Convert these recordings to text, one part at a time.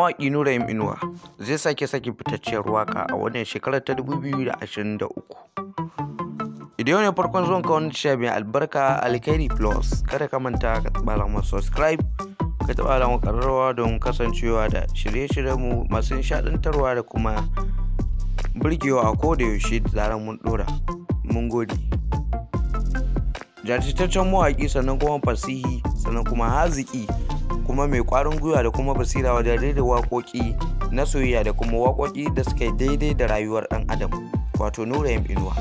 mawaƙi Nurayim Inuwa zai sake sake fitacciyar waka a wannan shekarar ta 2023. Idan ne farkon zuwan ka wani tasha albarka Alkairi Plus kada ka manta ka taɓa alamar subscribe ka taɓa alamar ƙararrawa don kasancewa da shirye-shiryenmu masu nishaɗantarwa da kuma burgewa a koda yaushe da zarar mun ɗora. Mun gode. Jajitaccen mawaƙi sannan kuma fasihi sannan kuma haziki kuma mai kwarin gwiwa da kuma basira wajen rera waƙoƙi na soyayya da kuma waƙoƙi da suka yi daidai da rayuwar ɗan adam wato nura yin inuwa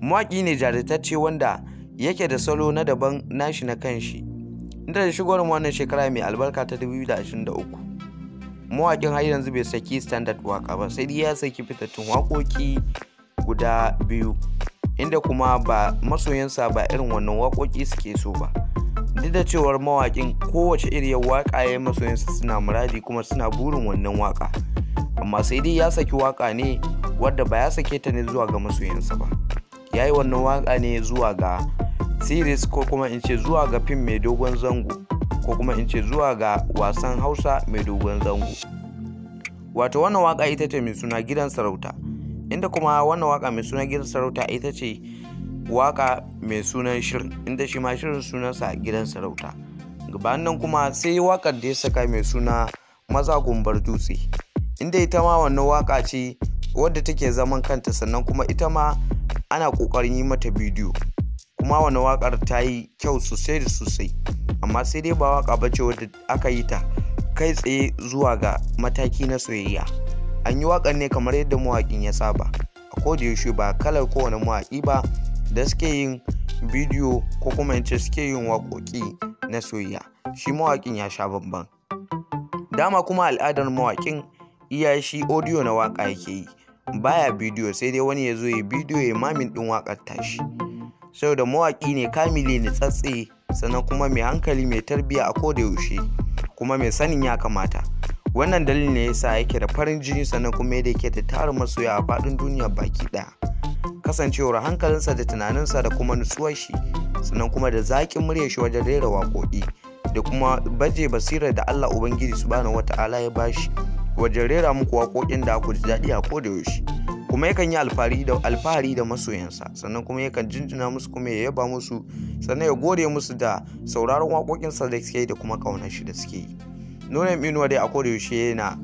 mawaƙi ne jaritacce wanda yake da salo na daban nashi na kanshi inda da shigowar wannan shekara mai albarka ta 2023 mawakin har yanzu bai saki standard waka ba sai dai ya saki fitattun waƙoƙi guda biyu inda kuma ba masoyansa ba irin wannan waƙoƙi suke so ba duk da cewar mawaƙin kowace iriyar waƙa ya masoyansa suna muradi kuma suna burin wannan waƙa amma sai dai ya saki waƙa ne wadda ba ya sake ta ne zuwa ga masoyansa ba ya yi wannan waƙa ne zuwa ga series ko kuma in ce zuwa ga fim mai dogon zango ko kuma in ce zuwa ga wasan hausa mai dogon zango wato wannan waƙa ita ce mai suna gidan sarauta inda kuma wannan waƙa mai suna gidan sarauta ita ce waka mai sunan shirin inda shi ma shirin sunansa gidan sarauta gabanin nan kuma sai wakar da ya saka mai suna maza gumbar dutse inda ita ma wannan waka ce wadda take zaman kanta sannan kuma ita ma ana kokarin yi mata bidiyo kuma wani wakar ta yi kyau sosai da sosai amma sai dai ba waka bace wadda aka yi ta kai tsaye zuwa ga mataki na soyayya an yi wakar ne kamar yadda mawaƙin ya saba a kodayaushe yaushe ba kalar kowane mawaƙi ba da suke yin bidiyo ko kuma ce suke yin wakoki na soyayya shi mawakin ya sha babban dama kuma al'adar mawakin iya shi audio na waka yake yi baya bidiyo sai dai wani ya zo ya bidiyo ya mamin ɗin wakar tashi sau da mawaki ne kamile ne tsatse sannan kuma mai hankali mai tarbiya a koda yaushe kuma mai sanin ya kamata wannan dalilin ne yasa yake da farin jini sannan kuma yadda yake da tarin masoya a faɗin duniya baki ɗaya kasancewar hankalinsa da tunaninsa da kuma nutsuwar shi sannan kuma da zaƙin muryar shi wajen rera waƙoƙi da kuma baje basirar da Allah Ubangiji subhanahu wata'ala ya bashi wajen rera muku waƙoƙin da ku ji daɗi a koda yaushe kuma yakan yi alfahari da alfahari da masoyansa sannan kuma yakan jinjina musu kuma ya yaba musu sannan ya gode musu da sauraron waƙoƙinsa da suke yi da kuma ƙaunar shi da suke yi nuna inuwa dai a koda yaushe yana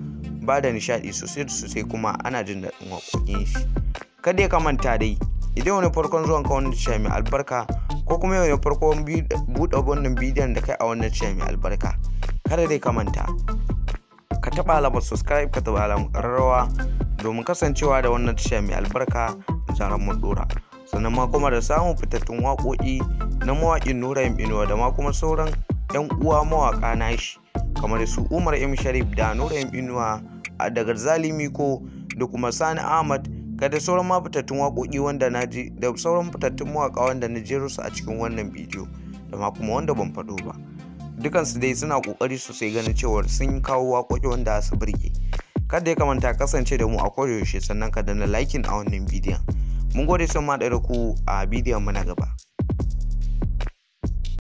ba da nishaɗi sosai da sosai kuma ana jin daɗin waƙoƙin shi kada ya kamanta dai idan wani farkon zuwan ka wannan cewa mai albarka ko kuma yau ne farkon buɗe wannan bidiyon da kai a wannan cewa mai albarka kada dai ka manta ka taɓa alamar subscribe ka taɓa alamar rawa domin kasancewa da wannan cewa mai albarka da zaran mun dora sannan ma kuma da samun fitattun waƙoƙi na mawaƙin nura inuwa da ma kuma sauran 'yan uwa mawaƙa nashi kamar su umar m sharif da nura inuwa a daga zalimi ko da kuma sani ahmad kada da sauran ma fitattun waƙoƙi wanda na ji da sauran fitattun mawaƙa wanda na jero su a cikin wannan bidiyo da ma kuma wanda ban faɗo ba dukansu dai suna ƙoƙari sosai ganin cewar sun kawo waƙoƙi wanda su burge kada ya kamanta kasance da mu a koyaushe sannan ka na likin a wannan bidiyon mun gode son ma ku a bidiyon mu na gaba